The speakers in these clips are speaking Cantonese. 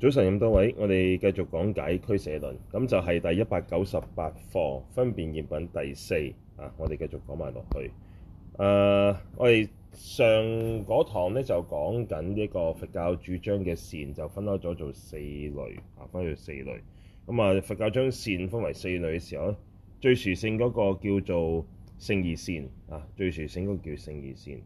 早晨，咁多位，我哋繼續講解俱舍論，咁就係第一百九十八課分別業品第四啊。我哋繼續講埋落去。誒、啊，我哋上嗰堂咧就講緊呢個佛教主張嘅善，就分開咗做四類啊，分開做四類。咁啊，啊，佛教將善分為四類嘅時候咧，最殊勝嗰個叫做勝義善啊，最殊勝嗰個叫勝義善。誒、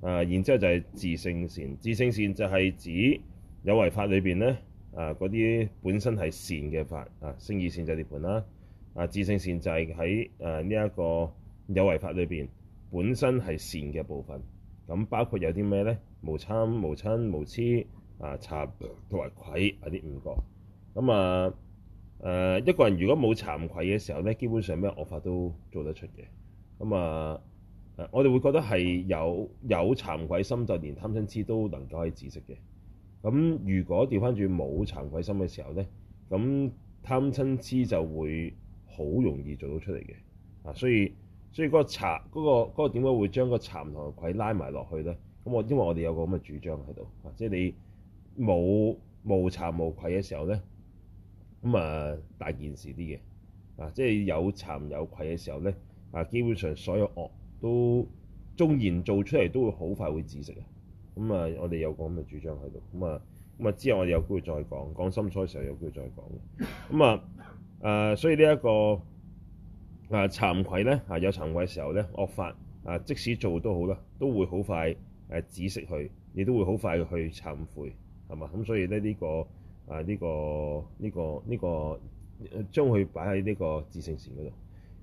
啊，然之後就係自性善，自性善就係指。有為法裏邊咧，啊，嗰啲本身係善嘅法啊，勝義善即涅槃啦，啊，自性善即係啊呢一、這個有為法裏邊本身係善嘅部分。咁包括有啲咩咧？無貪無瞋無痴啊，慚同埋愧係啲五個。咁啊，誒、啊、一個人如果冇慚愧嘅時候咧，基本上咩惡法都做得出嘅。咁啊，我哋會覺得係有有慚愧心，就連貪瞋痴都能夠係自識嘅。咁如果調翻轉冇慚愧心嘅時候咧，咁貪嗔痴就會好容易做到出嚟嘅啊！所以所以嗰個慚嗰個嗰個點解會將個慚同個愧拉埋落去咧？咁我因為我哋有個咁嘅主張喺度啊，即係你冇冇慚冇愧嘅時候咧，咁啊大件事啲嘅啊，即係有慚有愧嘅時候咧啊，基本上所有惡都縱然做出嚟都會好快會自食。咁啊，我哋有個咁嘅主張喺度。咁啊，咁啊之後我哋有機會再講，講心所嘅時候有機會再講嘅。咁啊，誒、呃，所以呢、這、一個誒、呃、慚愧咧，啊有慚愧嘅時候咧，惡法啊、呃，即使做都好啦，都會好快誒、呃、止息佢，亦都會好快去懺悔，係嘛？咁所以咧呢、這個啊呢、呃這個呢、這個呢、這個、呃、將佢擺喺呢個自性善嗰度。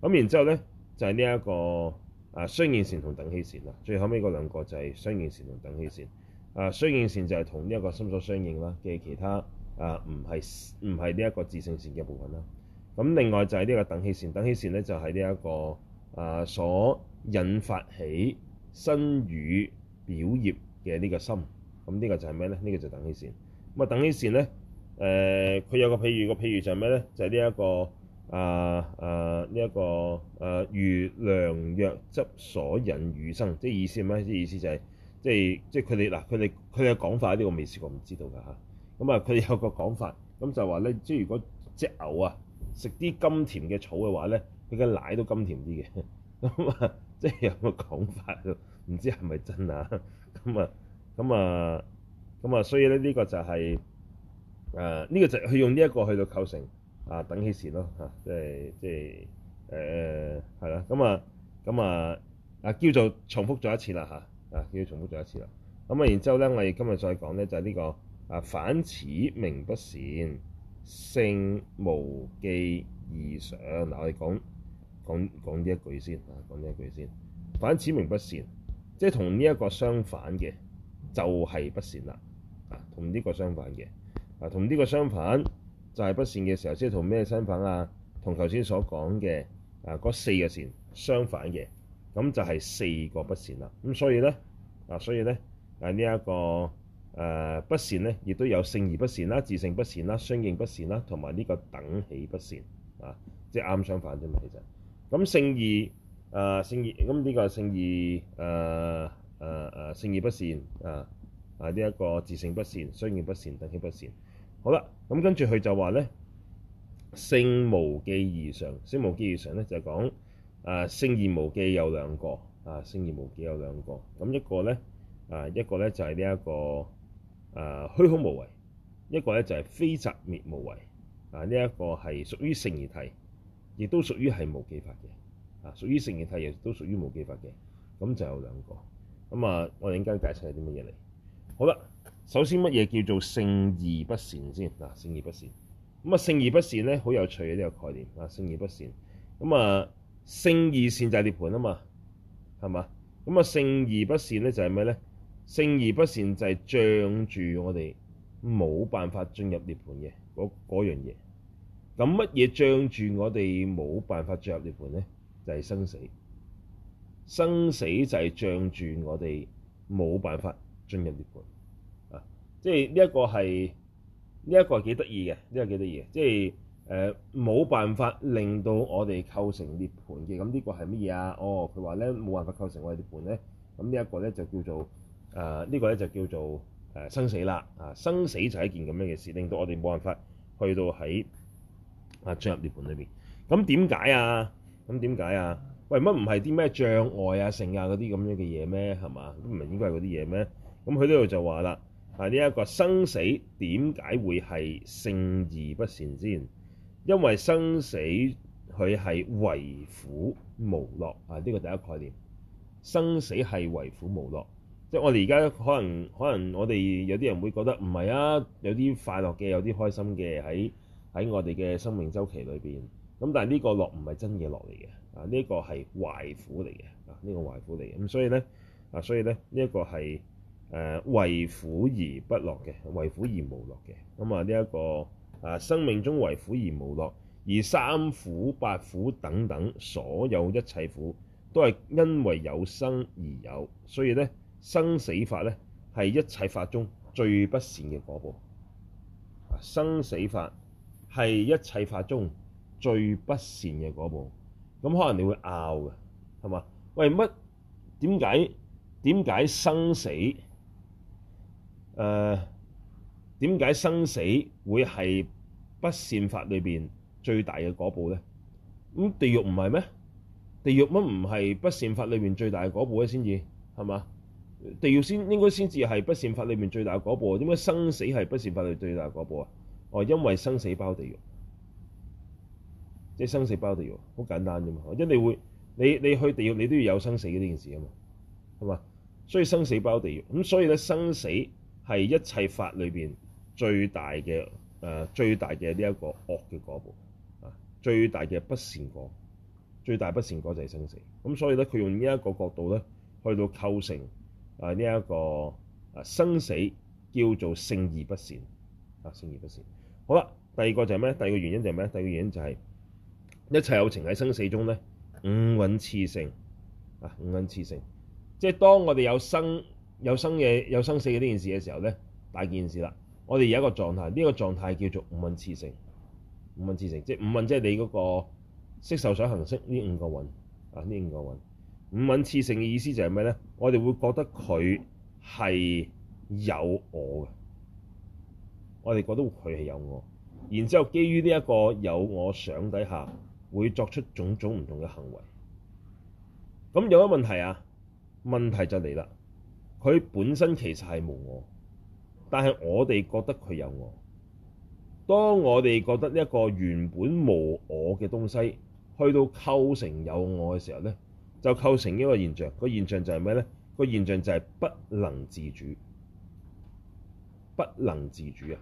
咁然之後咧就係呢一個。啊，相應善同等起善啦，最後尾嗰兩個就係相應善同等起善。啊，相應善就係同呢一個心所相應啦，嘅其他啊，唔係唔係呢一個自性善嘅部分啦。咁另外就係呢個等起善，等起善咧就係呢一個啊所引發起身語表業嘅呢個心。咁呢個就係咩咧？呢個就係等起善。咁啊，等起善咧，誒、呃，佢有個譬如，個譬如就係咩咧？就係呢一個。啊啊呢一個啊，如良藥汁所引生乳，即係意思咩？啲意思就係即係即係佢哋嗱，佢哋佢哋嘅講法呢，我未試過唔知道噶嚇。咁啊，佢哋有個講法，咁就話咧，即係如果隻牛啊食啲甘甜嘅草嘅話咧，佢嘅奶都甘甜啲嘅。咁啊，即係有個講法，唔知係咪真啊？咁啊咁啊咁啊，所以咧呢個就係啊呢個就佢用呢一個去到構成。啊，等起善咯嚇，即係即係誒係啦。咁啊，咁啊，啊叫做重複咗一次啦嚇，啊叫做重複咗一次啦。咁啊，然之後咧，我哋今日再講咧，就係呢個啊翻此名不善，勝無記二常。嗱，我哋講講講呢一句先，啊講呢一句先。翻此名不善，即係同呢一個相反嘅，就係不善啦。啊，同呢個相反嘅，啊同呢個相反。就係、是、不善嘅時候，即係同咩身份啊？同頭先所講嘅啊，嗰四個善相反嘅，咁就係四個不善啦。咁所以咧啊，所以咧、這、啊、個，呢一個誒不善咧，亦都有勝義不善啦、自性不善啦、相應不善啦，同埋呢個等起不善啊，即係啱相反啫嘛。其實咁勝義誒勝義咁呢個勝義誒誒誒勝義不善啊啊，呢一個自性不善、相應不善、等起不善。好啦，咁跟住佢就話咧，勝無記二常，勝無記二常咧就係講啊，勝義無記有兩個啊，勝義無記有兩個，咁一個咧、這個呃、啊，一個咧就係呢一個啊虛空無為，一個咧就係非擇滅無為啊，呢一個係屬於勝義體亦都屬於係無記法嘅啊，屬於勝義體亦都屬於無記法嘅。咁就有兩個，咁啊，我哋而家解釋啲乜嘢嚟？好啦。首先，乜嘢叫做勝義不善先嗱？勝義不善咁啊，勝義不善咧，好有趣嘅呢、這個概念啊！勝義不善咁啊，勝義善就係涅槃啊嘛，係嘛？咁啊，勝義不善咧就係咩咧？勝義不善就係仗住我哋冇辦法進入涅槃嘅嗰嗰樣嘢。咁乜嘢仗住我哋冇辦法進入涅槃咧？就係、是、生死，生死就係仗住我哋冇辦法進入涅槃。即係呢一個係呢一個係幾得意嘅，呢、這個幾得意嘅。即係誒冇辦法令到我哋構成涅盤嘅。咁呢個係乜嘢啊？哦，佢話咧冇辦法構成我哋涅盤咧。咁呢一個咧就叫做誒呢、呃這個咧就叫做誒、呃、生死啦。啊，生死就係一件咁樣嘅事，令到我哋冇辦法去到喺啊進入涅盤裏邊。咁點解啊？咁點解啊？喂，乜唔係啲咩障礙啊、成啊嗰啲咁樣嘅嘢咩？係嘛，咁唔係應該係嗰啲嘢咩？咁佢呢度就話啦。係呢一個生死點解會係勝義不善先？因為生死佢係唯苦無樂啊！呢個第一概念，生死係唯苦無樂，即係我哋而家可能可能我哋有啲人會覺得唔係啊，有啲快樂嘅，有啲開心嘅喺喺我哋嘅生命周期裏邊。咁但係呢個樂唔係真嘅樂嚟嘅啊，呢個係壞苦嚟嘅啊，呢個壞苦嚟嘅。咁所以咧啊，所以咧呢一個係。誒為苦而不樂嘅，為苦而無樂嘅。咁、這、啊、個，呢一個啊生命中為苦而無樂，而三苦、八苦等等，所有一切苦都係因為有生而有，所以呢，生死法呢係一切法中最不善嘅果報啊。生死法係一切法中最不善嘅果報。咁可能你會拗嘅係嘛？為乜點解點解生死？誒點解生死會係不善法裏邊最大嘅果報咧？咁地獄唔係咩？地獄乜唔係不善法裏邊最大嘅果報咧？先至係嘛？地獄先應該先至係不善法裏邊最大嘅果報。點解生死係不善法裏最大果報啊？哦，因為生死包地獄，即係生死包地獄，好簡單啫嘛。因為你會你你去地獄，你都要有生死呢件事啊嘛，係嘛？所以生死包地獄咁，所以咧生死。係一切法裏邊最大嘅，誒、呃、最大嘅呢一個惡嘅嗰步，啊最大嘅不善果，最大不善果就係生死。咁、啊、所以咧，佢用呢一個角度咧，去到構成啊呢一、這個啊生死叫做勝義不善，啊勝義不善。好啦，第二個就係咩？第二個原因就係咩？第二個原因就係、是、一切有情喺生死中咧，五蘊熾盛，啊五蘊熾盛，即係當我哋有生。有生嘅有生死呢件事嘅時候咧，大件事啦。我哋有一個狀態，呢、這個狀態叫做五蘊熾盛。五蘊熾盛即係五蘊，即係你嗰、那個色受想行識呢五個蘊啊，呢五個蘊。啊、五蘊熾盛嘅意思就係咩咧？我哋會覺得佢係有我嘅，我哋覺得佢係有我。然之後，基於呢一個有我想底下，會作出種種唔同嘅行為。咁有乜問題啊？問題就嚟啦。佢本身其實係無我，但係我哋覺得佢有我。當我哋覺得一個原本無我嘅東西，去到構成有我嘅時候呢，就構成一個現象。個現象就係咩呢？個現象就係不能自主，不能自主嘅。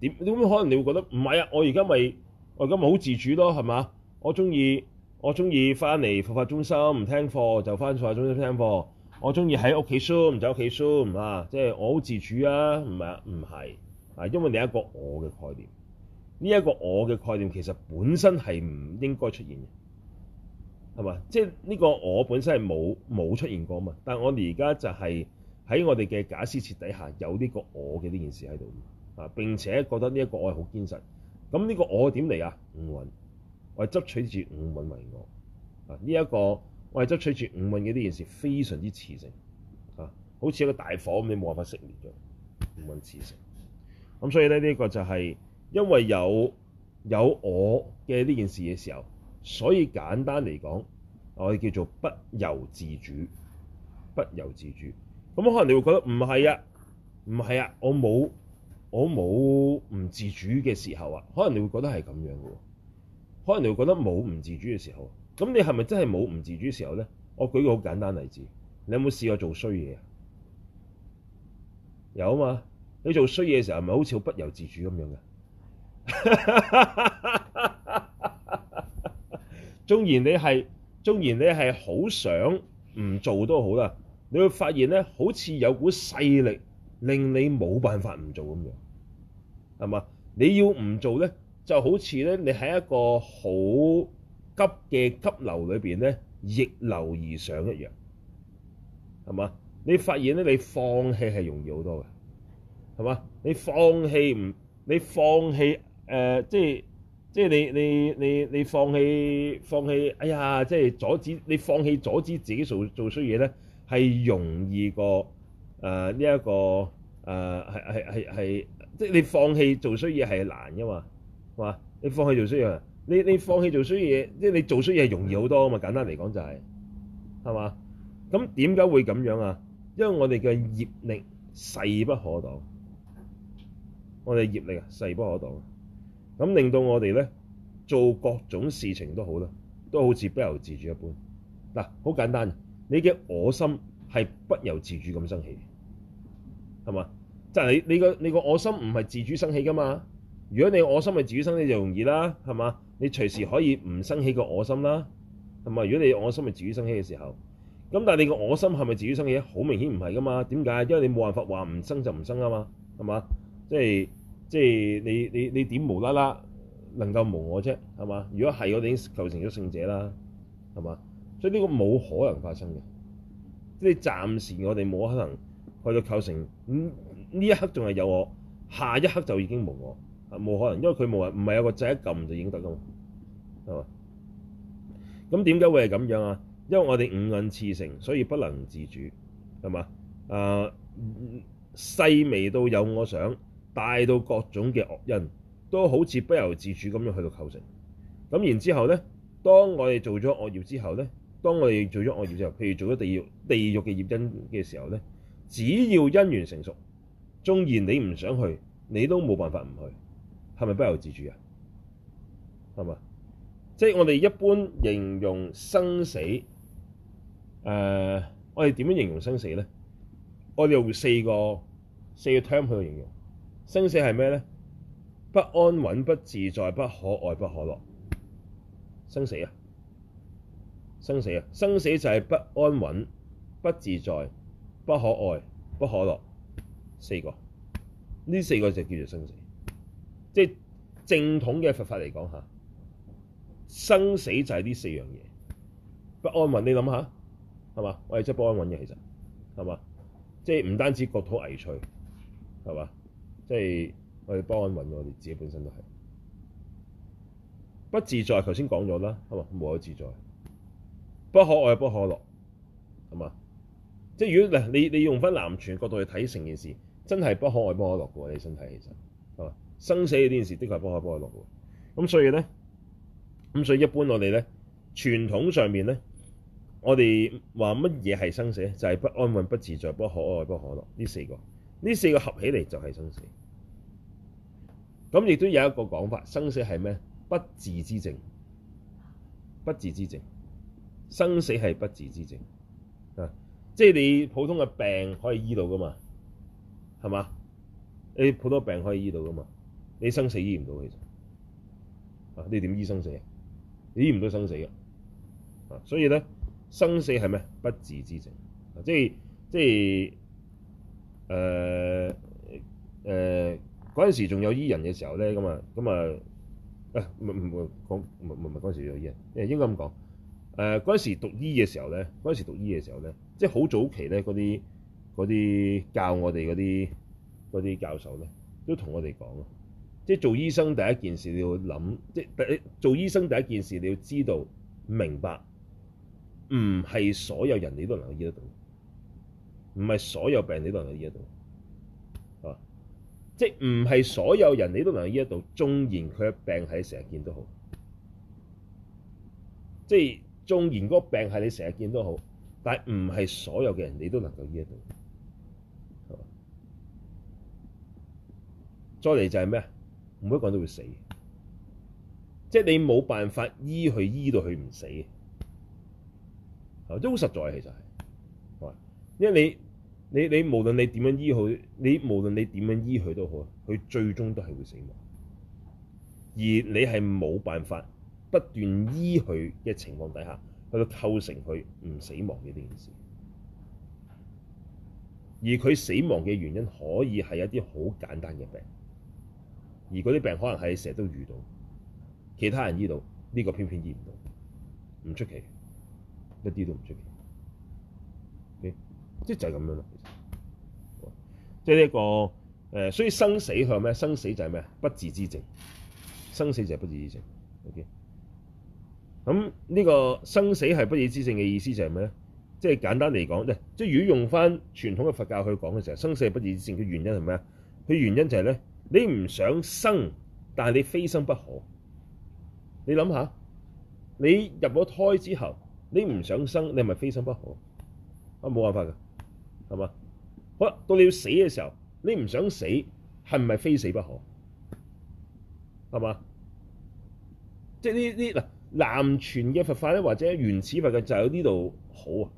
點點可能你會覺得唔係啊？我而家咪我而家咪好自主咯，係嘛？我，我中意我中意翻嚟佛法中心唔聽課，就翻佛法中心聽課。我中意喺屋企 zoom 就喺屋企 zoom 啊！即係我好自主啊，唔係啊，唔係啊，因為你有一個我嘅概念，呢一個我嘅概念其實本身係唔應該出現嘅，係嘛？即係呢個我本身係冇冇出現過啊嘛，但係我哋而家就係喺我哋嘅假設設底下有呢個我嘅呢件事喺度啊，並且覺得呢一個我係好堅實。咁呢個我點嚟啊？五蘊，我係執取住五蘊為我啊！呢一個。我係執取住五蘊嘅呢件事，非常之熾盛，嚇、啊，好似一個大火咁，你冇辦法熄滅咗五蘊熾盛。咁所以咧，呢、這個就係因為有有我嘅呢件事嘅時候，所以簡單嚟講，我哋叫做不由自主，不由自主。咁可能你會覺得唔係啊，唔係啊，我冇我冇唔自主嘅時候啊，可能你會覺得係咁樣嘅，可能你會覺得冇唔自主嘅時候。咁你係咪真係冇唔自主嘅時候咧？我舉個好簡單例子，你有冇試過做衰嘢啊？有啊嘛，你做衰嘢嘅時候，係咪好似好不由自主咁樣嘅？縱 然你係縱然你係好想唔做都好啦，你會發現咧，好似有股勢力令你冇辦法唔做咁樣，係嘛？你要唔做咧，就好似咧，你係一個好。急嘅急流裏邊咧，逆流而上一樣，係嘛？你發現咧，你放棄係容易好多嘅，係嘛？你放棄唔、呃，你放棄誒，即係即係你你你你放棄放棄，哎呀，即係阻止你放棄阻止自己做做衰嘢咧，係容易過、呃這個誒呢一個誒係係係係，即係你放棄做衰嘢係難噶嘛，係嘛？你放棄做衰嘢。你你放棄做衰嘢，即係你做衰嘢容易好多啊嘛！簡單嚟講就係，係嘛？咁點解會咁樣啊？因為我哋嘅業力勢不可擋，我哋業力啊勢不可擋，咁令到我哋咧做各種事情都好啦，都好似不由自主一般。嗱，好簡單，你嘅我心係不由自主咁生氣，係嘛？即係你你個你個我心唔係自主生氣噶嘛？如果你的我心係自己生起就容易啦，係嘛？你隨時可以唔生起個我心啦，係嘛？如果你的我心係自己生起嘅時候，咁但係你個我心係咪自己生起？好明顯唔係噶嘛？點解？因為你冇辦法話唔生就唔生啊嘛，係嘛？即係即係你你你點無啦啦能夠無我啫，係嘛？如果係我哋已經構成咗聖者啦，係嘛？所以呢個冇可能發生嘅，即係暫時我哋冇可能去到構成。咁呢一刻仲係有我，下一刻就已經無我。啊，冇可能，因為佢冇話，唔係有個掣一撳就已經得噶嘛，係嘛？咁點解會係咁樣啊？因為我哋五蘊熾盛，所以不能自主，係嘛？啊，細微到有我想，大到各種嘅惡因，都好似不由自主咁樣去到構成。咁然之後咧，當我哋做咗惡業之後咧，當我哋做咗惡業之後，譬如做咗地獄，地獄嘅業因嘅時候咧，只要因緣成熟，縱然你唔想去，你都冇辦法唔去。係咪不由自主啊？係嘛？即係我哋一般形容生死，誒、呃，我哋點樣形容生死咧？我哋用四個四個 term 去形容生死係咩咧？不安穩、不自在、不可愛、不可樂。生死啊！生死啊！生死就係不安穩、不自在、不可愛、不可樂。四個呢四個就叫做生死。即係正統嘅佛法嚟講吓，生死就係呢四樣嘢，不安穩，你諗下係嘛？我哋就不安穩嘅，其實係嘛？即係唔單止國土危脆，係嘛？即係我哋不安穩，我哋自己本身都係不自在。頭先講咗啦，係嘛？無可自在，不可愛不可樂，係嘛？即係如果嗱，你你用翻南傳的角度去睇成件事，真係不可愛不可樂嘅。你身體其實係嘛？生死呢件事的確係不可不可樂嘅。咁所以咧，咁所以一般我哋咧，傳統上面咧，我哋話乜嘢係生死，就係不安穩、不自在、不可愛、不可樂呢四個。呢四個合起嚟就係生死。咁亦都有一個講法，生死係咩？不治之症，不治之症。生死係不治之症啊！即係你普通嘅病可以醫到噶嘛？係嘛？你普通的病可以醫到噶嘛？你生死醫唔到，其實啊，你點醫生死啊？你醫唔到生死嘅啊，所以咧生死係咩不治之症啊？即係即係誒誒嗰陣時仲有醫人嘅時候咧，咁啊咁啊啊唔唔唔講唔唔唔嗰陣時有醫人，應該咁講誒。嗰、呃、陣時讀醫嘅時候咧，嗰陣時讀醫嘅時候咧，即係好早期咧，嗰啲嗰啲教我哋嗰啲嗰啲教授咧，都同我哋講。即係做醫生第一件事，你要諗，即係你做醫生第一件事，你要知道明白，唔係所有人你都能夠醫得到，唔係所有病你都能夠醫得到，係嘛？即係唔係所有人你都能夠醫得到，縱然佢嘅病係你成日見都好，即係縱然嗰個病係你成日見都好，但係唔係所有嘅人你都能夠醫得到，係嘛？再嚟就係咩啊？每一個一個人都會死，即係你冇辦法醫佢醫到佢唔死，係都好實在，其實係，因為你你你,你無論你點樣醫佢，你無論你點樣醫佢都好，佢最終都係會死亡，而你係冇辦法不斷醫佢嘅情況底下，去到構成佢唔死亡嘅呢件事，而佢死亡嘅原因可以係一啲好簡單嘅病。而嗰啲病可能係成日都遇到，其他人醫到呢個，偏偏醫唔到，唔出奇，一啲都唔出奇。即、O.K.，係就係咁樣咯。即係呢一個所以生死佢咩？生死就係咩？不治之症。生死就係不治之症。O.K.，咁呢個生死係不治之症嘅意思就係咩咧？即、就、係、是、簡單嚟講，咧即係如果用翻傳統嘅佛教去講嘅時候，生死係不治之症嘅原因係咩啊？佢原因就係、是、咧。你唔想生，但係你非生不可。你諗下，你入咗胎之後，你唔想生，你係咪非生不可？啊，冇辦法噶，係嘛？好，到你要死嘅時候，你唔想死，係唔係非死不可？係嘛？即係呢啲嗱，南傳嘅佛法咧，或者原始佛教就有呢度好啊，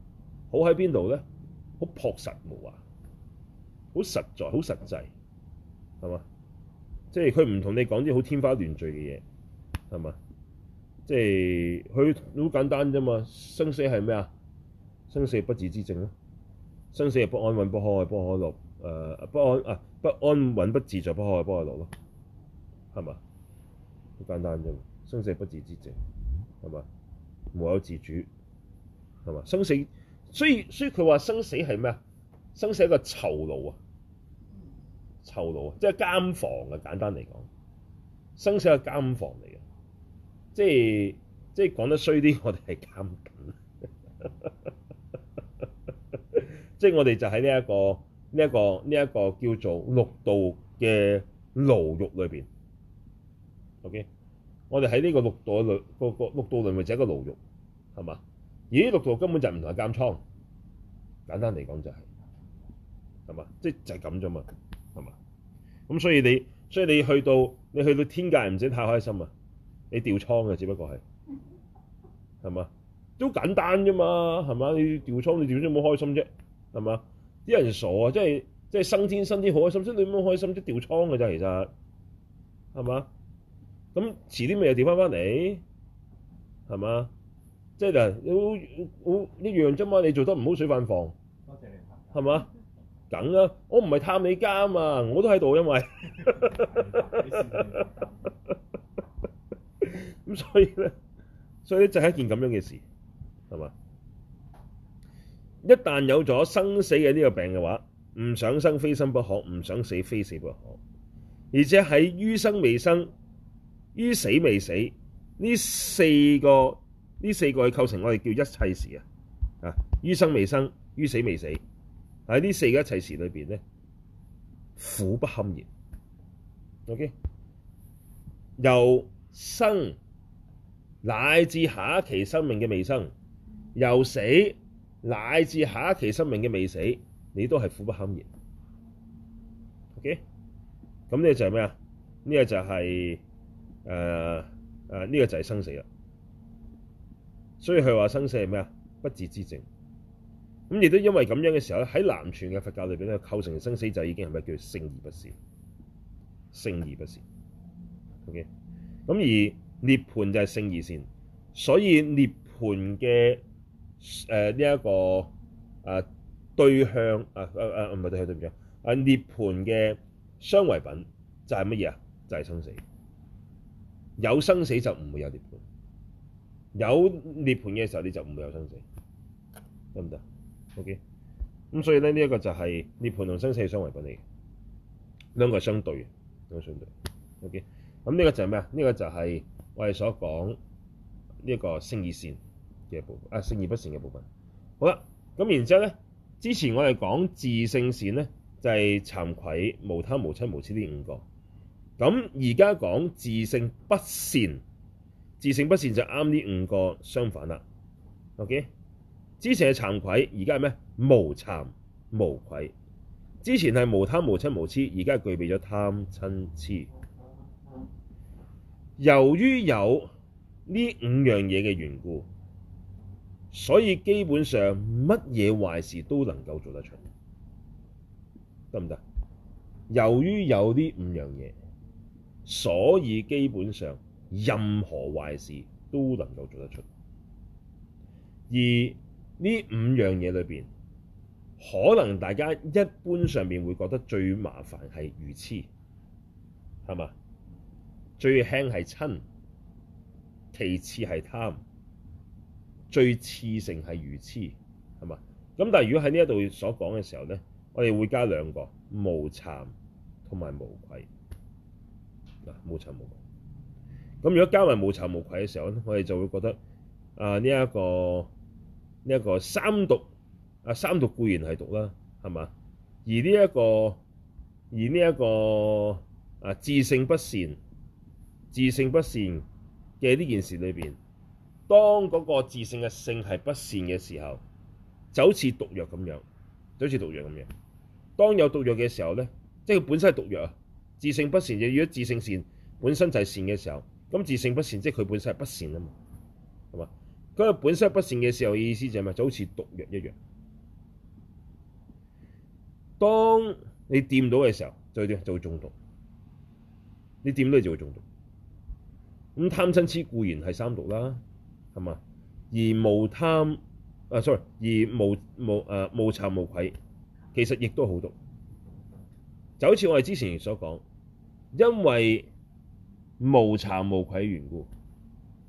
好喺邊度咧？好樸實無華，好實在，好實際，係嘛？即係佢唔同你講啲好天花亂墜嘅嘢，係嘛？即係佢好簡單啫嘛。生死係咩啊？生死不治之症咯。生死係不安穩、不可愛、不可樂。誒、呃，不安啊，不安穩、不自在、不可愛、不可樂咯。係嘛？好簡單啫。生死不治之症，係嘛？無有自主，係嘛？生死，所以所以佢話生死係咩啊？生死一個囚牢啊！臭到啊！即係監房呀，簡單嚟講，生死係監房嚟嘅，即係即係講得衰啲，我哋係監緊， 即係我哋就喺呢一個呢一個呢一個叫做六道嘅牢獄裏面。OK，我哋喺呢個六道裏面，個六道裏面就係一個牢獄，係嘛？而，六道根本就唔同嘅監倉，簡單嚟講就係係嘛，即係就係咁啫嘛。咁所以你，所以你去到，你去到天界唔使太開心啊，你掉倉嘅只不過係，係嘛？都簡單啫嘛，係嘛？你掉倉，你掉咗冇開心啫？係嘛？啲人傻啊，即係即係生天生天好開心，升你冇開心，即掉倉嘅啫，其實係嘛？咁遲啲咪又掉翻翻嚟，係嘛？即係嗱，好好一樣啫嘛，你做得唔好，水飯房，多謝係嘛？梗啦，啊，我唔係探你監啊，我都喺度，因為咁 所以咧，所以咧就係一件咁樣嘅事，係嘛？一旦有咗生死嘅呢個病嘅話，唔想生非生不可，唔想死非死不可，而且喺於生未生、於死未死呢四個呢四個係，構成我哋叫一切事啊啊！於生未生、於死未死。喺呢四個一切時裏邊咧，苦不堪言。OK，由生乃至下一期生命嘅未生，由死乃至下一期生命嘅未死，你都係苦不堪言。OK，咁呢個就係咩、就是呃、啊？呢個就係誒誒，呢個就係生死啦。所以佢話生死係咩啊？不治之症。咁亦都因為咁樣嘅時候咧，喺南傳嘅佛教裏邊咧，構成生死就已經係咪叫勝義不善？勝義不善。OK，咁而涅槃就係勝義善，所以涅槃嘅誒呢一個誒、呃、對向，啊啊啊唔係對象對唔住啊？涅槃嘅相違品就係乜嘢啊？就係、是、生死。有生死就唔會有涅槃，有涅槃嘅時候你就唔會有生死，得唔得？O K，咁所以咧呢一個就係涅槃同生死相為本嚟嘅，兩個相對嘅，兩個相對。O K，咁呢個就係咩啊？呢個就係我哋所講呢一個勝義善嘅部分，啊，勝義不善嘅部分。好啦，咁然之後咧，之前我哋講自性善咧，就係慚愧、無貪、無嗔、無痴呢五個。咁而家講自性不善，自性不善就啱呢五個相反啦。O K。之前係慚愧，而家係咩？無慚無愧。之前係無貪無瞋無痴，而家係具備咗貪瞋痴。由於有呢五樣嘢嘅緣故，所以基本上乜嘢壞事都能夠做得出，得唔得？由於有呢五樣嘢，所以基本上任何壞事都能夠做得出，而。呢五樣嘢裏面，可能大家一般上面會覺得最麻煩係愚痴，係嘛？最輕係瞋，其次係貪，最次性係愚痴，係嘛？咁但係如果喺呢一度所講嘅時候咧，我哋會加兩個無慚同埋無愧。嗱，無慚無愧。咁如果加埋無慚無愧嘅時候咧，我哋就會覺得啊呢一個。呢一個三毒啊，三毒固然係毒啦，係嘛？而呢一個，而呢一個啊，自性不善，自性不善嘅呢件事裏邊，當嗰個自性嘅性係不善嘅時候，就好似毒藥咁樣，就好似毒藥咁樣。當有毒藥嘅時候咧，即係佢本身係毒藥啊！自性不善，就如果自性善，本身就係善嘅時候，咁自性不善，即係佢本身係不善啊嘛。嗰本身不善嘅時候意思就係、是、咪就好似毒藥一樣。當你掂到嘅時候，就點？就中毒。你掂到就會中毒。咁貪瞋痴固然係三毒啦，係嘛？而無貪啊，sorry，而無無誒、啊、無慚無愧，其實亦都好毒。就好似我哋之前所講，因為無慚無愧緣故，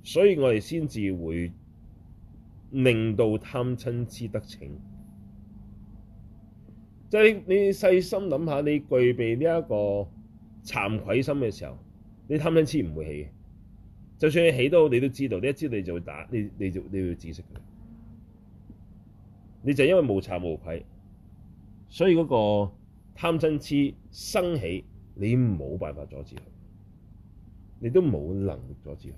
所以我哋先至會。令到貪瞋痴得逞，即係你細心諗下，你具備呢一個慚愧心嘅時候，你貪瞋痴唔會起嘅。就算你起都好，你都知道，你一知你就會打，你你就你會自識嘅。你就，你就，你就因為無慚無愧，所以嗰個貪瞋痴生起，你冇辦法阻止佢，你都冇能力阻止佢，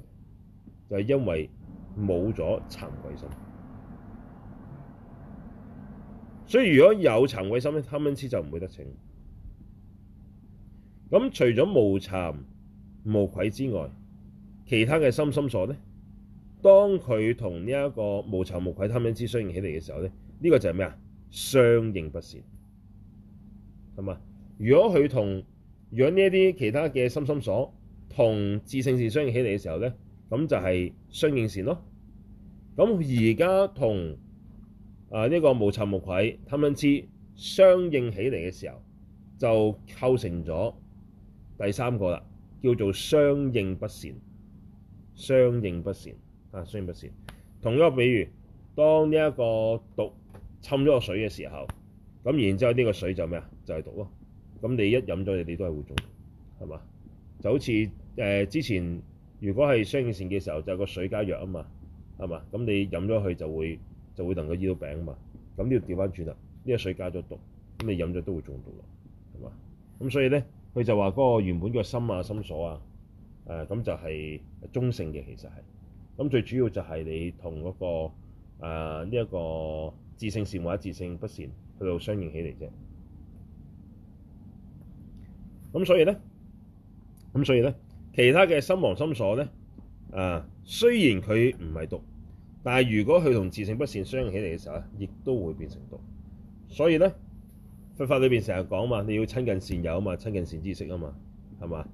就係因為。冇咗慚愧心，所以如果有慚愧心咧，貪嗔痴就唔會得逞。咁除咗無慚無愧之外，其他嘅心心所咧，當佢同呢一個無慚無愧貪嗔痴相應起嚟嘅時候咧，呢、這個就係咩啊？相應不善。係嘛？如果佢同如果呢一啲其他嘅心心所同自性是相應起嚟嘅時候咧？咁就係相應善咯。咁而家同啊呢個無慚無愧貪嗔痴相應起嚟嘅時候，就構成咗第三個啦，叫做相應不善。相應不善啊，相應不善。同一個比喻，當呢一個毒侵咗個水嘅時候，咁然之後呢個水就咩啊？就係、是、毒咯。咁你一飲咗，你都係會中，係嘛？就好似、呃、之前。如果係相應善嘅時候，就係個水加藥啊嘛，係嘛？咁你飲咗佢就會就會能夠醫到病啊嘛。咁要調翻轉啦，呢個水加咗毒，咁你飲咗都會中毒咯，係嘛？咁所以咧，佢就話嗰個原本個心啊、心所啊，誒、啊、咁就係中性嘅，其實係。咁最主要就係你同嗰、那個呢一、啊這個自性善或者自性不善去到相應起嚟啫。咁所以咧，咁所以咧。其他嘅心王心所咧，啊，雖然佢唔係毒，但係如果佢同自性不善相起嚟嘅時候咧，亦都會變成毒。所以咧，佛法裏邊成日講嘛，你要親近善友啊嘛，親近善知識啊嘛，係嘛？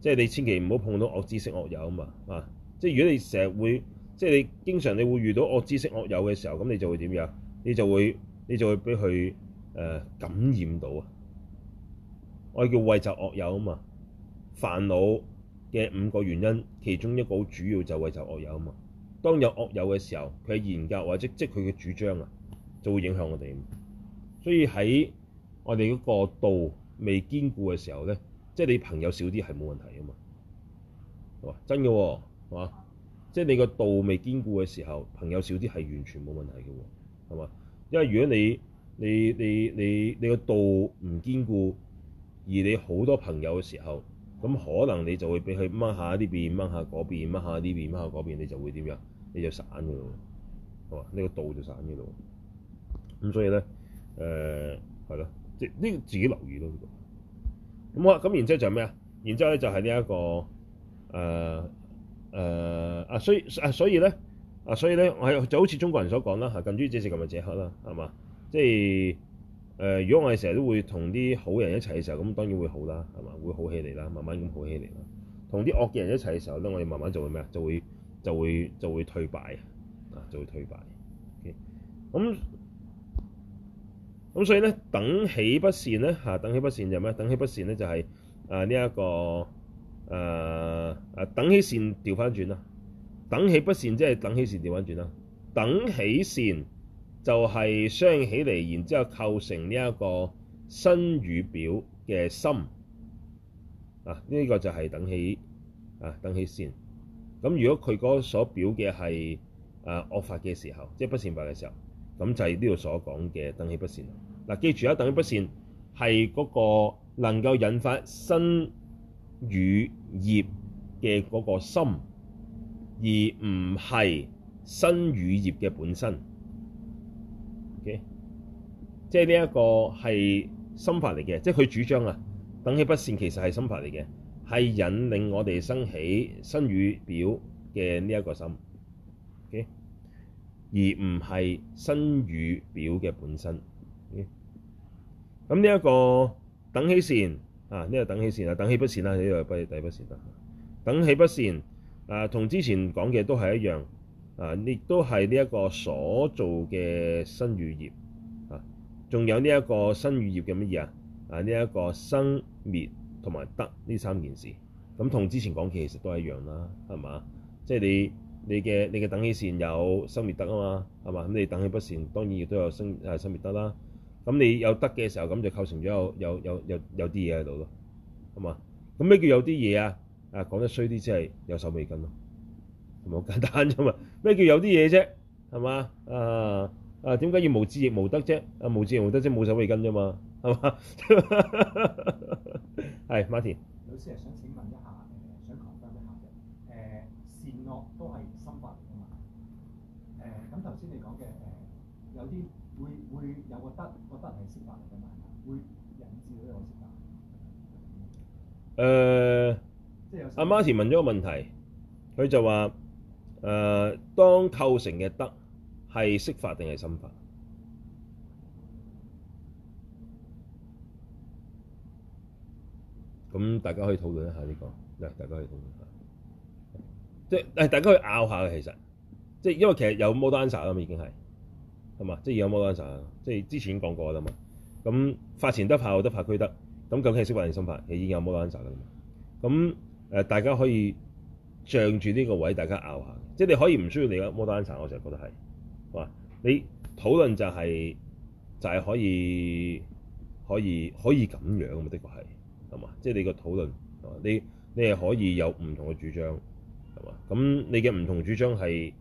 即係你千祈唔好碰到惡知識、惡友啊嘛。啊，即係如果你成日會，即係你經常你會遇到惡知識、惡友嘅時候，咁你就會點樣？你就會你就會俾佢誒感染到啊！我叫為就惡友啊嘛，煩惱嘅五個原因，其中一個好主要就係就惡友啊嘛。當有惡友嘅時候，佢嘅言教或者即佢嘅主張啊，就會影響我哋。所以喺我哋嗰個道未堅固嘅時候咧，即係你朋友少啲係冇問題啊嘛。真嘅喎，哦，係嘛？即係你個道未堅固嘅時候，朋友少啲係完全冇問題嘅喎，係嘛？因為如果你你你你你個道唔堅固，而你好多朋友嘅時候，咁可能你就會俾佢掹下呢邊，掹下嗰邊，掹下呢邊，掹下嗰邊，你就會點樣？你就散嘅咯，係呢、呢個道就散嘅咯。咁所以咧，誒係咯，即係呢個自己留意咯。咁啊，咁然之後就係咩啊？然之後咧就係呢一個、呃呃、啊，所以啊，所以咧啊，所以咧，我就好似中國人所講啦，係近朱者赤，近墨者黑啦，係嘛？即係。誒，如果我哋成日都會同啲好人一齊嘅時候，咁當然會好啦，係嘛？會好起嚟啦，慢慢咁好起嚟啦。同啲惡嘅人一齊嘅時候咧，我哋慢慢就會咩啊？就會就會就會退敗啊，就會退敗。咁咁、okay? 嗯嗯、所以咧，等起不善咧嚇，等起不善就咩？等起不善咧就係啊呢一個誒誒等起善調翻轉啦，等起不善即係等起善調翻轉啦，等起善。就係、是、相應起嚟，然之後構成呢一個身語表嘅心啊。呢、這個就係等起啊，等起線咁。如果佢嗰所表嘅係啊惡法嘅時候，即、就、係、是、不善法嘅時候，咁就係呢度所講嘅等起不善。嗱、啊，記住啊，等起不善係嗰個能夠引發身語業嘅嗰個心，而唔係身語業嘅本身。即係呢一個係心法嚟嘅，即係佢主張啊，等起不善其實係心法嚟嘅，係引領我哋生起身語表嘅呢一個心，okay? 而唔係身語表嘅本身。咁呢一個等起善啊，呢個等起，善，等起善，啊善啊，等起不善啦，呢度不底不善啦。等起不善啊，同之前講嘅都係一樣啊，亦都係呢一個所做嘅身語業，仲有呢一個身語業嘅乜嘢啊？啊呢一個生滅同埋得呢三件事，咁同之前講嘅其實都係一樣啦，係嘛？即係你你嘅你嘅等起善有生滅得啊嘛，係嘛？咁你等起不善當然亦都有生啊生滅得啦。咁你有得嘅時候，咁就構成咗有有有有有啲嘢喺度咯，係嘛？咁咩叫有啲嘢啊？啊講得衰啲即係有手尾根咯，冇簡單啫嘛？咩叫有啲嘢啫？係嘛？啊！啊，點解要無知亦無德啫？啊，無知亦無德啫，冇手尾筋啫嘛，係嘛？係， 馬田老師係想請問一下，誒，想講多一下嘅，誒，善惡都係心法嚟嘅嘛？誒、呃，咁頭先你講嘅誒，有啲會會,會有個德，個德係善法嚟嘅嘛？會引致嗰個善。誒、嗯，阿馬田問咗個問題，佢就話：誒、呃，當構成嘅德。係色法定係心法，咁大家可以討論一下呢、這個。嗱，大家可以討論下，即係大家可以拗下嘅。其實即因為其實有 model answer 已經係係嘛，即有 model answer 即係之前講過講過啦嘛。咁發前得拍，有得拍，區得咁究竟係色法定心法？其實已經有 model answer 咁，誒，大家可以仗住呢個位置，大家拗下。即你可以唔需要你個 model answer 我成日覺得係。你討論就係、是、就係、是、可以可以可以咁樣啊嘛，是就是、的確係係嘛，即係你個討論你你係可以有唔同嘅主張係嘛？咁你嘅唔同嘅主張係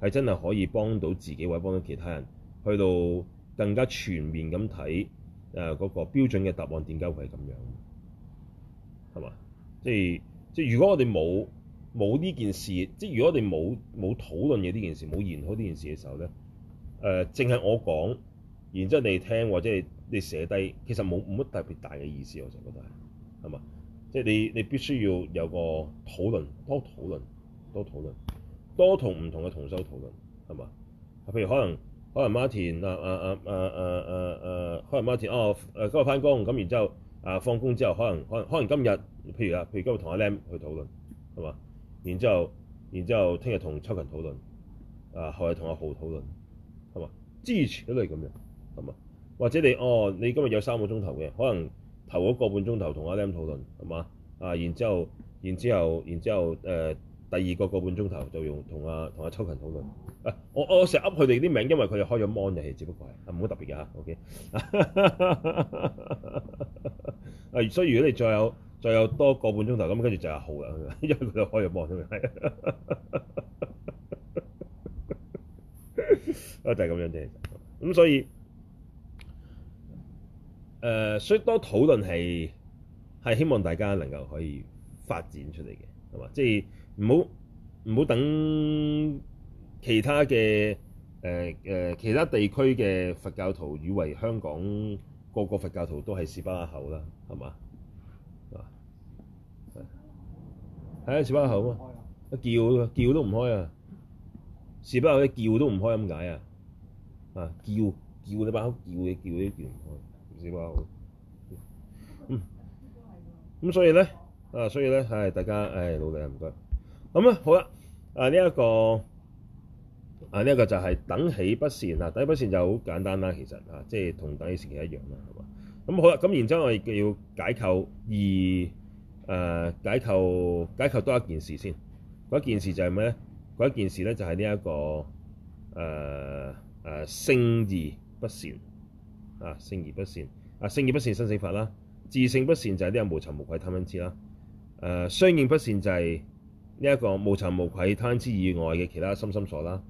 係真係可以幫到自己或者幫到其他人，去到更加全面咁睇誒嗰個標準嘅答案點解會係咁樣係嘛？即係即係如果我哋冇。冇呢件事，即係如果你冇冇討論嘢呢件事，冇研討呢件事嘅時候咧，誒、呃，淨係我講，然之後你聽，或者你寫低，其實冇冇乜特別大嘅意思，我成日覺得係，係嘛？即係你你必須要有個討論，多討論，多討論，多不同唔同嘅同修討論，係嘛？啊，譬如可能可能 Martin 啊啊啊啊啊啊啊，可能 Martin 哦、啊、誒今日翻工，咁然之後啊放工之後，可能可能可能今日譬如啊譬如今日同阿 Lam 去討論，係嘛？然之後，然之後聽日同秋勤討論，啊後日同阿豪討論，係嘛？支持都係咁樣，係嘛？或者你哦，你今日有三個鐘頭嘅，可能頭嗰個半鐘頭同阿 l a m 討論，係嘛？啊然之後，然之後，然之後誒、呃、第二個個半鐘頭就用同阿同阿秋勤討論。我我成日噏佢哋啲名，因為佢哋開咗 mon 嘅，只不過係唔好特別嘅嚇。OK，啊， 所以如果你再有。再有多個半鐘頭，咁跟住就係好啦，因為佢就開咗波，係啊， 就係咁樣啫。咁所以，誒、呃，所以多討論係係希望大家能夠可以發展出嚟嘅，係嘛？即係唔好唔好等其他嘅誒誒其他地區嘅佛教徒以為香港個個佛教徒都係屎巴拉口啦，係嘛？係啊，舌包口啊，一叫叫都唔開啊！舌包口一叫都唔開，點解啊？啊，叫叫你把口叫嘅叫啲叫唔開，舌包口。嗯，咁所以咧啊，所以咧，係大家，唉，努力啊，唔該。咁咧，好啦，啊呢一個啊呢一個就係等起不善啦，等起不善就好簡單啦，其實啊，即係同等起善一樣啊，係嘛？咁好啦，咁然之後我哋要解構二。誒、呃、解構解構多一件事先，嗰一件事就係咩咧？嗰一件事咧就係呢一個誒誒勝義不善啊，勝義不善啊，勝義不善，啊、勝義不善生死法啦。自性不善就係呢個無慚無愧貪瞋痴啦。誒相應不善就係呢一個無慚無愧貪瞋痴以外嘅其他心心所啦。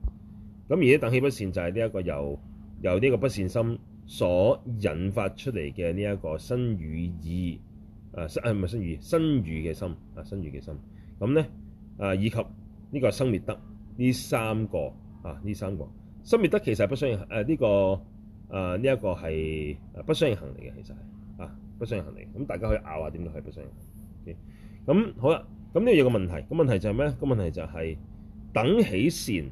咁、啊、而啲等起不善就係呢一個由由呢個不善心所引發出嚟嘅呢一個身語意。誒身誒唔係身語，身語嘅心啊，身語嘅心咁咧誒，以及呢個生滅得呢三個啊，呢三個生滅得其實係不相應呢、啊這個誒呢一個係不相應行嚟嘅，其實係啊不相應行嚟，咁大家可以咬下點都係不相應行。咁、啊啊、好啦，咁呢個有個問題，個問題就係咩咧？個問題就係、是、等起善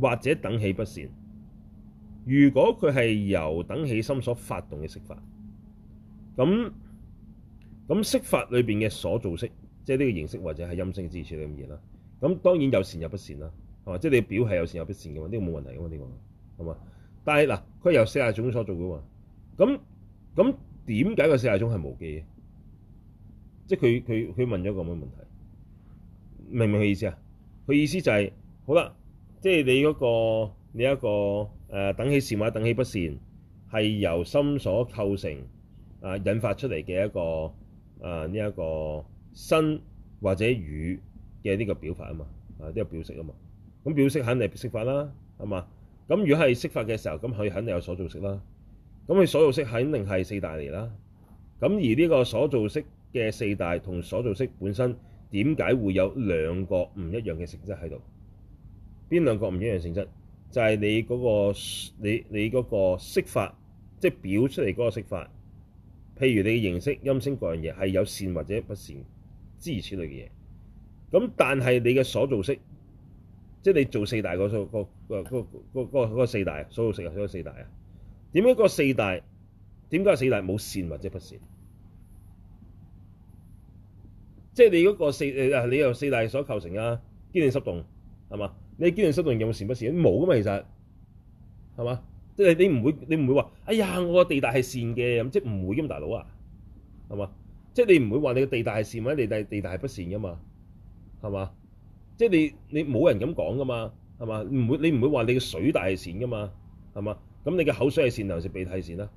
或者等起不善，如果佢係由等起心所發動嘅色法，咁。咁色法裏面嘅所造色，即係呢個形色或者係音聲之處嘅咁嘢啦。咁當然有善有不善啦，係嘛？即係你表係有善有不善嘅嘛，呢個冇問題嘅嘛，呢個係嘛？但係嗱，佢由四大種所造嘅嘛，咁咁點解個四大種係無記嘅？即係佢佢佢問咗個個咩問題？明唔明佢意思啊？佢意思就係、是、好啦，即係你嗰、那個你一、那個誒等起善或者等起不善係由心所構成啊、呃，引發出嚟嘅一個。啊！呢、這、一個身或者語嘅呢個表法啊嘛，啊呢、啊這個表色啊嘛，咁表色肯定係色法啦，係嘛？咁如果係色法嘅時候，咁佢肯定有所造色啦。咁佢所造色肯定係四大嚟啦。咁而呢個所造色嘅四大同所造色本身點解會有兩個唔一樣嘅性質喺度？邊兩個唔一樣性質就係、是、你嗰、那個你你嗰個色法，即係表出嚟嗰個色法。譬如你嘅形色、音聲各樣嘢，係有善或者不善諸如此類嘅嘢。咁但係你嘅所造色，即係你做四大嗰、嗰個、嗰個、嗰個、嗰個四大啊，所造色啊，所造四大啊。點解嗰四大？點解四大冇善或者不善？即係你嗰個四誒你由四大所構成啊，堅定濕動係嘛？你堅定濕動有冇善不善？冇噶嘛，其實係嘛、啊？即係你唔會，你唔會話，哎呀，我個地帶係善嘅，咁，即係唔會咁，大佬啊，係嘛？即係你唔會話你個地帶係善，或者地帶地帶係不善噶嘛？係嘛？即係你你冇人咁講噶嘛？係嘛？唔會說你唔會話你嘅水帶係善噶嘛？係嘛？咁你嘅口水係善定還是鼻涕是善啦？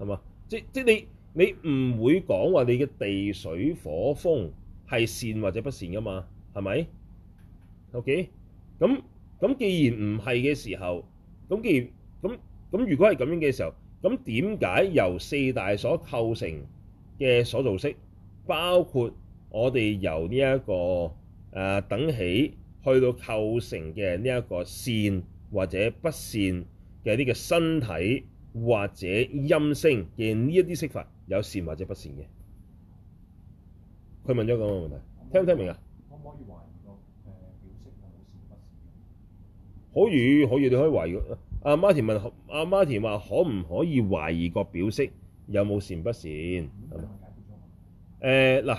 係嘛？即即你你唔會講話你嘅地水火風係善或者不善噶嘛？係咪？OK 咁咁，既然唔係嘅時候，咁既然。咁咁如果係咁樣嘅時候，咁點解由四大所構成嘅所造色，包括我哋由呢、這、一個誒、啊、等起去到構成嘅呢一個善或者不善嘅呢個身體或者音聲嘅呢一啲色法有善或者不善嘅？佢問咗咁嘅問題，聽唔聽明啊？可唔可以懷疑到表色有冇善不善可以，可，可以，你可以懷疑。阿 Martin 問阿 Martin 話可唔可以懷疑個表色有冇善不善？誒嗱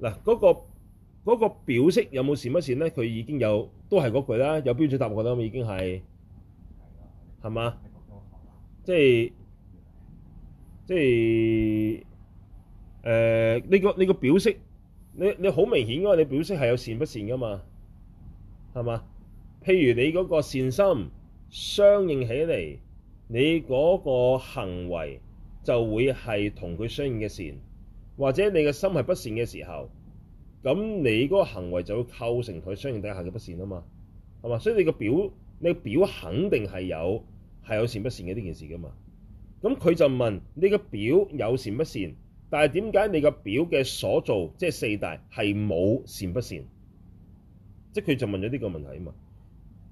嗱嗰個表色有冇善不善咧？佢已經有都係嗰句啦，有標準答案啦我覺得，已經係係嘛？即係即係誒呢個呢個表色，你你好明顯㗎，因為你表色係有善不善㗎嘛？係嘛？譬如你嗰個善心。相應起嚟，你嗰個行為就會係同佢相應嘅善，或者你嘅心係不善嘅時候，咁你嗰個行為就會構成佢相應底下嘅不善啊嘛，係嘛？所以你個表，你個表肯定係有，係有善不善嘅呢件事噶嘛？咁佢就問你個表有善不善，但係點解你個表嘅所做即係、就是、四大係冇善不善？即係佢就問咗呢個問題啊嘛？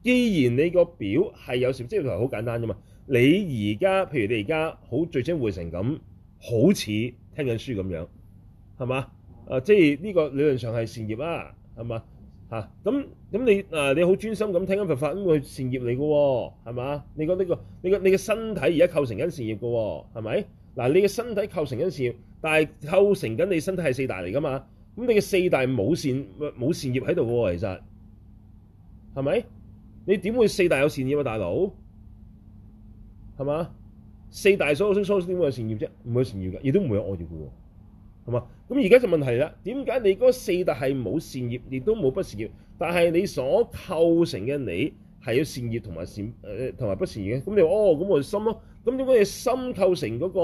既然你個表係有時即係好簡單啫嘛，你而家譬如你而家好聚精會神咁，好似聽緊書咁樣係嘛？啊，即係呢個理論上係善業啦、啊，係嘛嚇？咁、啊、咁你啊你好專心咁聽緊佛法，咁、嗯、佢、嗯嗯嗯嗯嗯、善業嚟嘅喎，係嘛、嗯？你講呢個你個你嘅身體而家構成緊善業嘅喎，係咪嗱？你嘅身體構成緊善業，但係構成緊你身體係四大嚟㗎嘛？咁你嘅四大冇善冇善業喺度喎，其實係咪、啊？你點會四大有善業啊，大佬？係嘛？四大所有所點會有善業啫？唔會有善業嘅，亦都唔會有惡業嘅喎。係嘛？咁而家就問題啦。點解你嗰四大係冇善業，亦都冇不善業？但係你所構成嘅你係有善業同埋善誒同埋不善業嘅。咁你話哦，咁我心咯。咁點解你心構成嗰個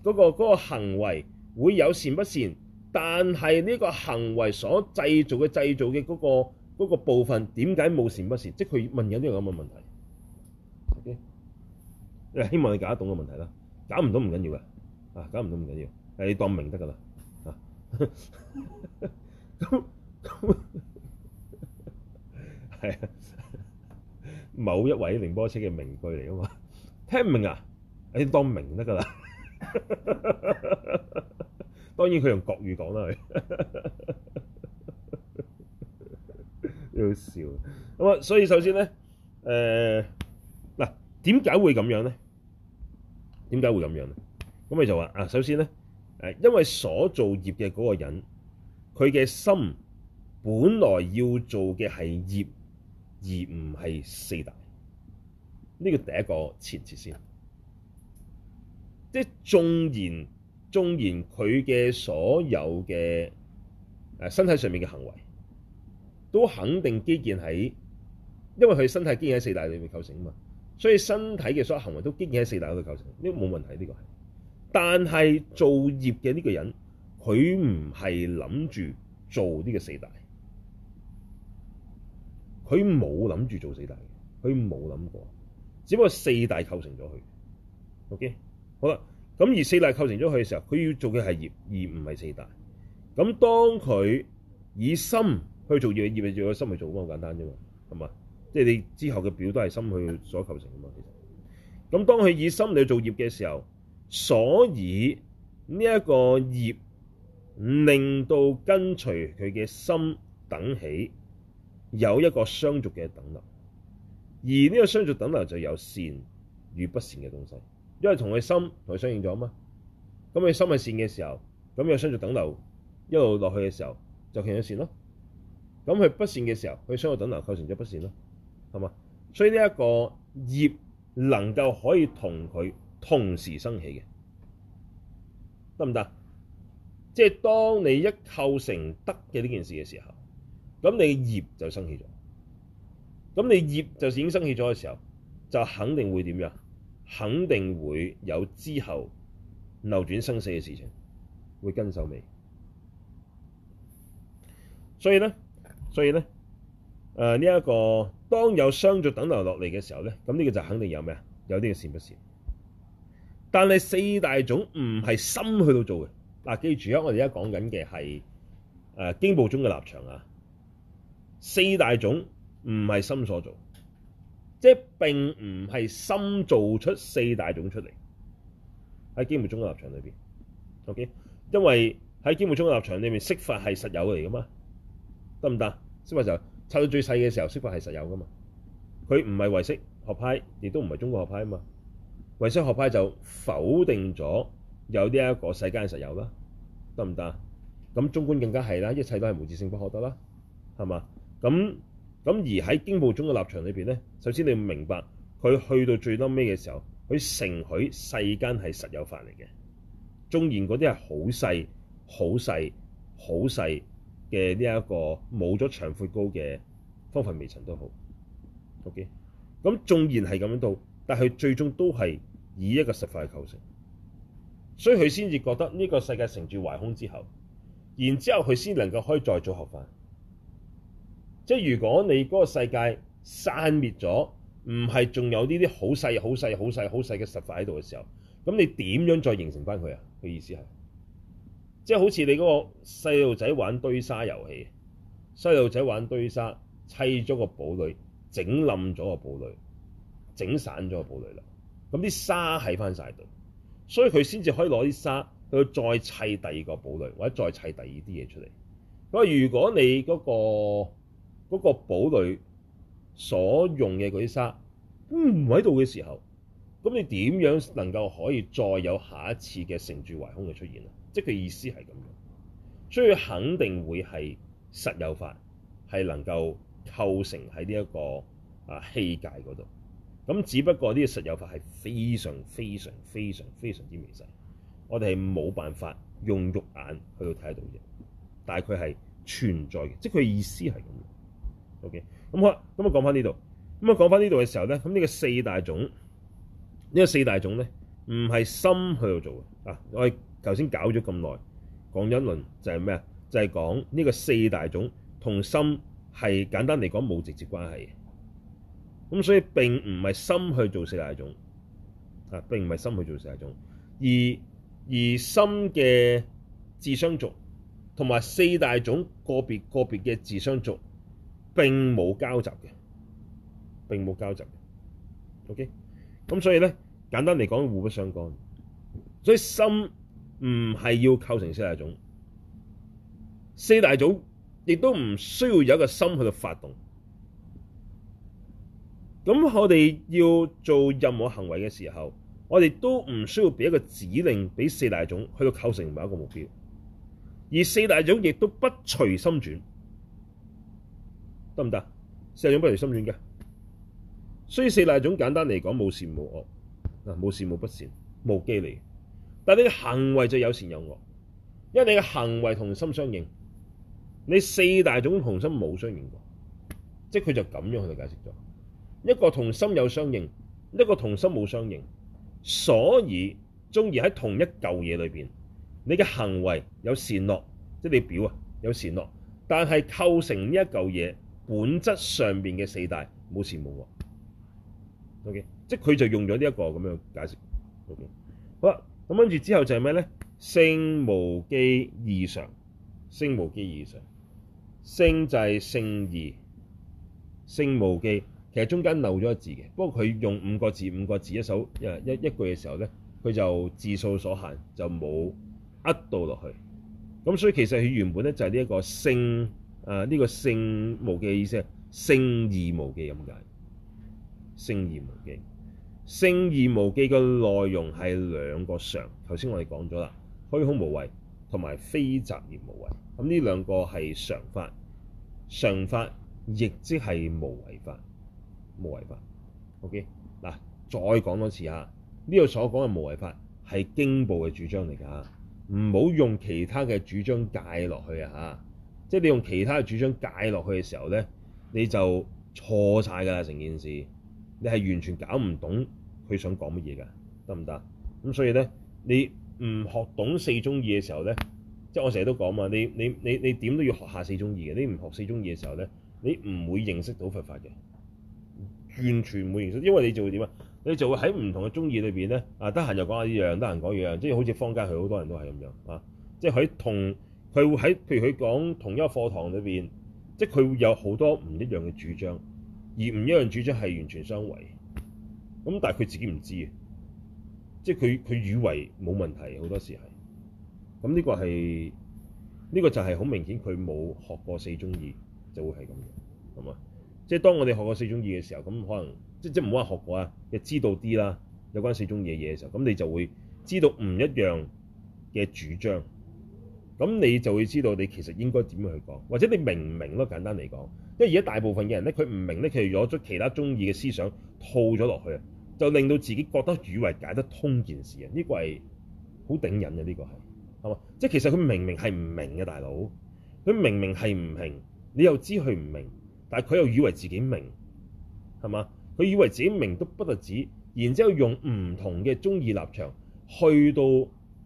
嗰個嗰個行為會有善不善？但係呢個行為所製造嘅製造嘅嗰個。嗰、那個部分點解冇善不善？即係佢問緊啲咁嘅問題。Okay? 希望你搞得懂個問題啦。搞唔到唔緊要嘅，啊，搞唔到唔緊要，你當明得噶啦。啊，咁 咁、嗯，係、嗯、啊，某一位寧波車嘅名句嚟啊嘛，聽唔明啊？你當明得噶啦。當然佢用國語講啦，係、啊。好笑，咁啊，所以首先咧，誒嗱，點解會咁樣咧？點解會咁樣咧？咁你就話啊，首先咧，誒，因為所做業嘅嗰個人，佢嘅心本來要做嘅係業，而唔係四大。呢個第一個前提先，即係縱然縱然佢嘅所有嘅誒身體上面嘅行為。都肯定基建喺，因為佢身體基建喺四大裏面構成啊嘛，所以身體嘅所有行為都基建喺四大嗰度構成，呢個冇問題，呢個係。但係做業嘅呢個人，佢唔係諗住做呢個四大，佢冇諗住做四大，佢冇諗過。只不過四大構成咗佢，OK 好啦。咁而四大構成咗佢嘅時候，佢要做嘅係業，而唔係四大。咁當佢以心，去做業嘅業，做業就用個心去做好，咁簡單啫嘛，係嘛？即係你之後嘅表都係心去所構成噶嘛。咁當佢以心嚟做業嘅時候，所以呢一個業令到跟隨佢嘅心等起，有一個相續嘅等流。而呢個相續等流就有善與不善嘅東西，因為同佢心同佢相應咗啊嘛。咁佢心係善嘅時候，咁有相續等流一路落去嘅時候，就成咗善咯。咁佢不善嘅時候，佢相要等流構成咗不善咯，係嘛？所以呢一個業能夠可以同佢同時生起嘅，得唔得？即係當你一構成得嘅呢件事嘅時候，咁你業就生起咗。咁你業就已經生起咗嘅時候，就肯定會點樣？肯定會有之後流轉生死嘅事情會跟手尾。所以咧。所以咧，誒呢一個當有相續等流落嚟嘅時候咧，咁呢個就肯定有咩啊？有啲嘅善不善？但係四大種唔係心去到做嘅。嗱、啊，記住，我哋而家講緊嘅係誒經部中嘅立場啊。四大種唔係心所做，即係並唔係心做出四大種出嚟。喺經部中嘅立場裏面，o、okay? k 因為喺經部中嘅立場裏面，色法係實有嚟噶嘛。行行得唔得？色法就拆到最細嘅時候，色法係實有噶嘛？佢唔係唯識學派，亦都唔係中國學派啊嘛。唯識學派就否定咗有呢一個世間嘅實有啦，得唔得？咁中觀更加係啦，一切都係無自性不可得啦，係嘛？咁咁而喺經部宗嘅立場裏面咧，首先你要明白，佢去到最尾嘅時候，佢承許世間係實有法嚟嘅。中嚴嗰啲係好細、好細、好細。嘅呢一個冇咗長闊高嘅方法微塵都好，OK。咁縱然係咁樣到，但係佢最終都係以一個實塊構成，所以佢先至覺得呢個世界成住壞空之後，然之後佢先能夠可以再組合翻。即係如果你嗰個世界散滅咗，唔係仲有呢啲好細、好細、好細、好細嘅實塊喺度嘅時候，咁你點樣再形成翻佢啊？佢意思係。即係好似你嗰個細路仔玩堆沙遊戲，細路仔玩堆沙砌咗個堡壘，整冧咗個堡壘，整散咗個堡壘啦。咁啲沙喺翻晒度，所以佢先至可以攞啲沙去再砌第二個堡壘，或者再砌第二啲嘢出嚟。咁如果你嗰個嗰個堡壘所用嘅嗰啲沙，嗯，唔喺度嘅時候，咁你點樣能夠可以再有下一次嘅成住壞空嘅出現啊？即係佢意思係咁樣的，所以肯定會係實有法係能夠構成喺呢一個啊器界嗰度。咁只不過呢個實有法係非常非常非常非常之微細，我哋係冇辦法用肉眼去到睇得到嘅。但係佢係存在嘅，即係佢意思係咁樣。OK，咁好咁我咁啊，咁我講翻呢度。咁啊，講翻呢度嘅時候咧，咁呢個，呢個四大種呢個四大種咧，唔係心去到做嘅啊，我係。頭先搞咗咁耐，講一輪就係咩啊？就係、是、講呢個四大種同心，係簡單嚟講冇直接關係嘅，咁所以並唔係心去做四大種，啊並唔係心去做四大種，而而心嘅自相續同埋四大種個別個別嘅自相續並冇交集嘅，並冇交集嘅，OK？嘅。咁所以咧簡單嚟講互不相干，所以心。唔係要構成四大種，四大種亦都唔需要有一個心去到發動。咁我哋要做任何行為嘅時候，我哋都唔需要俾一個指令俾四大種去到構成某一個目標，而四大種亦都不隨心轉，得唔得？四大種不隨心轉嘅，所以四大種簡單嚟講，冇善冇惡，嗱冇善冇不善，冇記。但你嘅行為就有善有惡，因為你嘅行為同心相應。你四大種同心冇相應過，即係佢就咁樣去解釋咗一個同心有相應，一個同心冇相應，所以中意喺同一嚿嘢裏邊，你嘅行為有善惡，即係你表啊有善惡，但係構成呢一嚿嘢本質上邊嘅四大冇善冇惡。O.K.，即係佢就用咗呢一個咁樣解釋。O.K.，好啦。咁跟住之後就係咩咧？勝無記二常，勝無記二常，勝就係勝義，勝無記其實中間漏咗一字嘅。不過佢用五個字，五個字一首一一一句嘅時候咧，佢就字數所限就冇呃到落去。咁所以其實佢原本咧就係呢一個勝誒呢個勝無記嘅意思係勝義無記咁解，勝義無記。勝義無記嘅內容係兩個常，頭先我哋講咗啦，虛空無為同埋非擇滅無為，咁呢兩個係常法，常法亦即係無為法，無為法。OK，嗱，再講多次吓，呢度所講嘅無為法係經部嘅主張嚟㗎，唔好用其他嘅主張解落去啊，即係你用其他嘅主張解落去嘅時候咧，你就錯晒㗎喇成件事。你係完全搞唔懂佢想講乜嘢㗎，得唔得？咁所以咧，你唔學懂四中義嘅時候咧，即係我成日都講嘛，你你你你點都要學下四中義嘅。你唔學四中義嘅時候咧，你唔會認識到佛法嘅，完全唔會認識，因為你就會點啊？你就會喺唔同嘅中義裏邊咧，啊得閒就講下依樣，得閒講樣，即係好似坊間佢好多人都係咁樣啊，即係佢同佢會喺譬如佢講同一個課堂裏邊，即係佢會有好多唔一樣嘅主張。而唔一樣主張係完全相違，咁但係佢自己唔知嘅，即係佢佢以為冇問題，好多時係，咁呢個係呢個就係好明顯佢冇學過四中二就會係咁，係嘛？即係當我哋學過四中二嘅時候，咁可能即即唔好話學過啊，你知道啲啦，有關四中二嘅嘢嘅時候，咁你就會知道唔一樣嘅主張，咁你就會知道你其實應該點樣去講，或者你明唔明咯？簡單嚟講。即係而家大部分嘅人咧，佢唔明咧，佢係攞咗其他中意嘅思想套咗落去啊，就令到自己覺得以為解得通件事啊！呢個係好頂癮嘅，呢個係係嘛？即係其實佢明明係唔明嘅，大佬佢明明係唔明，你又知佢唔明，但係佢又以為自己明係嘛？佢以為自己明都不特止，然之後用唔同嘅中意立場去到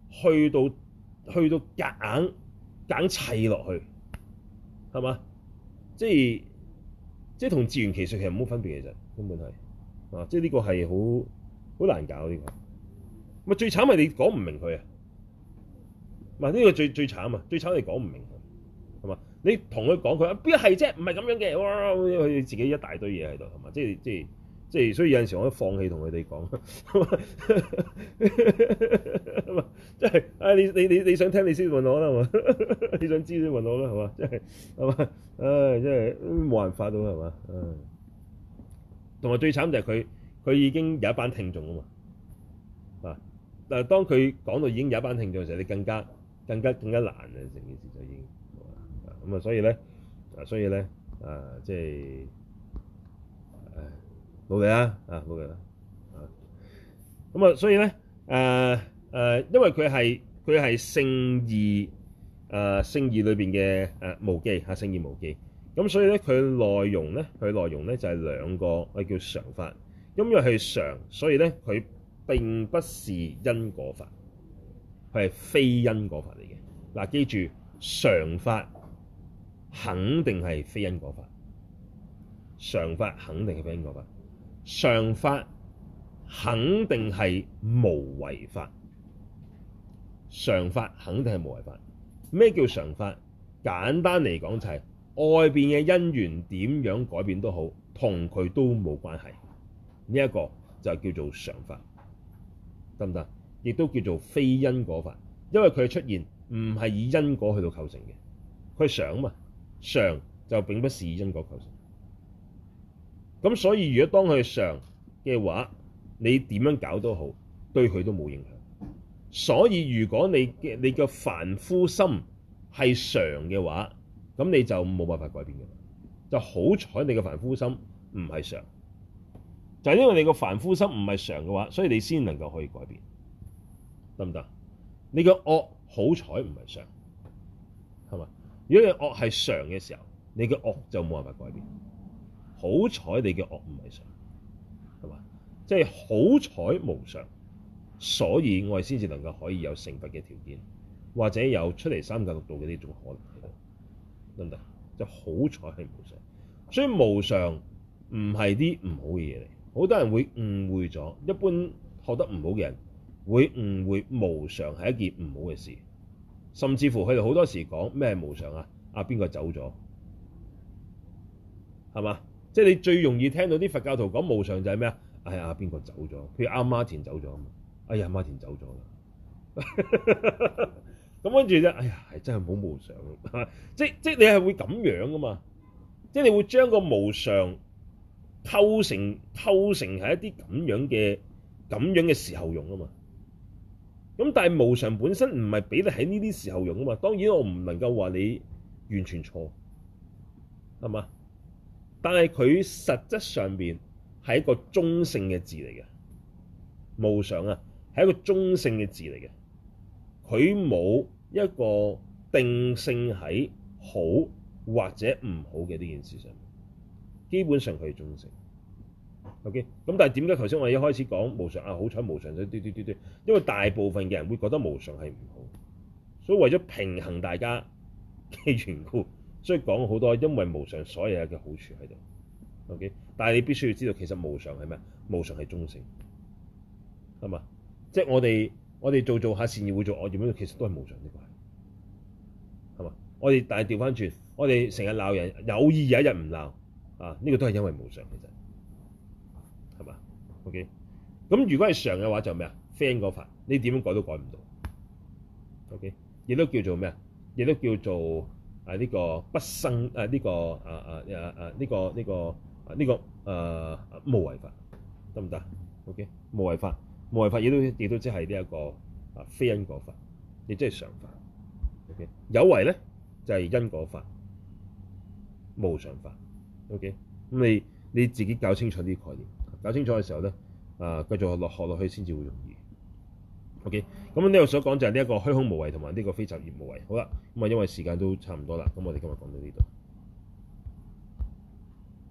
去到去到夾硬揀砌落去係嘛？即係。即係同自然奇術其實冇乜分別的，嘅，其實根本係啊！即係呢個係好好難搞呢個，咪最慘係你講唔明佢啊！咪呢個最最慘啊！最慘你講唔明佢係嘛？你同佢講佢邊係啫？唔係咁樣嘅，哇！佢自己一大堆嘢喺度係嘛？即係即係。即係所以有陣時候我都放棄同佢哋講，即係，唉，你你你你想聽你先問我啦，係嘛？你想知你問我啦，係嘛？即、就、係、是，係嘛？唉、哎，即係冇辦法到啦，係嘛？嗯、哎。同埋最慘就係佢，佢已經有一班聽眾啊嘛。啊，但係當佢講到已經有一班聽眾嘅時候，你更加更加更加難啊！成件事就已經咁啊，所以咧所以咧啊，即係。冇嘅啦，啊努力啦、啊，力啊咁啊、嗯，所以咧，誒、呃、誒、呃，因為佢係佢係勝義，誒勝義裏面嘅誒無記嚇，勝義、呃、無記，咁、啊、所以咧佢內容咧，佢內容咧就係、是、兩個，我叫常法，因為佢常，所以咧佢並不是因果法，佢係非因果法嚟嘅。嗱、啊、記住，常法肯定係非因果法，常法肯定係非因果法。常法肯定係無為法，常法肯定係無為法。咩叫常法？簡單嚟講就係外邊嘅因緣點樣改變都好，同佢都冇關係。呢一個就叫做常法，得唔得？亦都叫做非因果法，因為佢嘅出現唔係以因果去到構成嘅，佢係常嘛，常就並不是以因果構成。咁所以如果當佢係常嘅話，你點樣搞都好，對佢都冇影響。所以如果你嘅你個凡夫心係常嘅話，咁你就冇辦法改變嘅。就好彩你嘅凡夫心唔係常，就係因為你嘅凡夫心唔係常嘅話，所以你先能夠可以改變，得唔得？你個惡好彩唔係常，係咪？如果個惡係常嘅時候，你嘅惡就冇辦法改變。好彩你嘅惡唔係常，係嘛？即係好彩無常，所以我哋先至能夠可以有成佛嘅條件，或者有出嚟三界六道嘅呢種可能，得唔得？即係好彩係無常，所以無常唔係啲唔好嘅嘢嚟。好多人會誤會咗，一般學得唔好嘅人會誤會無常係一件唔好嘅事，甚至乎佢哋好多時講咩係無常啊？阿邊個走咗？係嘛？即係你最容易聽到啲佛教徒講無常就係咩啊？係啊，邊個走咗？譬如阿媽田走咗啊！哎呀，阿媽田走咗啦。咁跟住啫，哎呀，係、 哎、真係好無常！即即係你係會咁樣噶嘛？即係你會將個無常構成構成係一啲咁樣嘅咁樣嘅時候用啊嘛。咁但係無常本身唔係俾你喺呢啲時候用啊嘛。當然我唔能夠話你完全錯，係嘛？但係佢實質上面係一個中性嘅字嚟嘅，無常啊，係一個中性嘅字嚟嘅，佢冇一個定性喺好或者唔好嘅呢件事上面，基本上佢係中性。O K，咁但係點解頭先我哋一開始講無常啊？好彩無常，就嘟嘟嘟嘟，因為大部分嘅人會覺得無常係唔好，所以為咗平衡大家嘅緣故。所以講好多，因為無常，所有嘅好處喺度。OK，但係你必須要知道，其實無常係咩？無常係中性，係嘛？即係我哋，我哋做做下善業會做惡業，其實都係無常啲嘅，係嘛？我哋但係調翻轉，我哋成日鬧人有意有一日唔鬧啊，呢個都係因為無常，其實係嘛？O K，咁如果係常嘅話就咩啊？friend 嗰法，你點樣改都改唔到。O K，亦都叫做咩啊？亦都叫做。係、啊、呢、呢個不生，誒、啊、呢、啊啊啊啊啊呢個啊啊啊啊呢個呢個啊呢個誒無為法得唔得？OK 無為法無為法，亦都亦都即係呢一個啊非因果法，亦即係常法。OK 有為咧就係、是、因果法無常法。OK 咁你你自己搞清楚呢啲概念，搞清楚嘅時候咧啊，繼續落學落去先至會用。O.K.，咁呢度所講就係呢一個虛空無為同埋呢個非擇滅無為。好啦，咁啊，因為時間都差唔多啦，咁我哋今日講到呢度。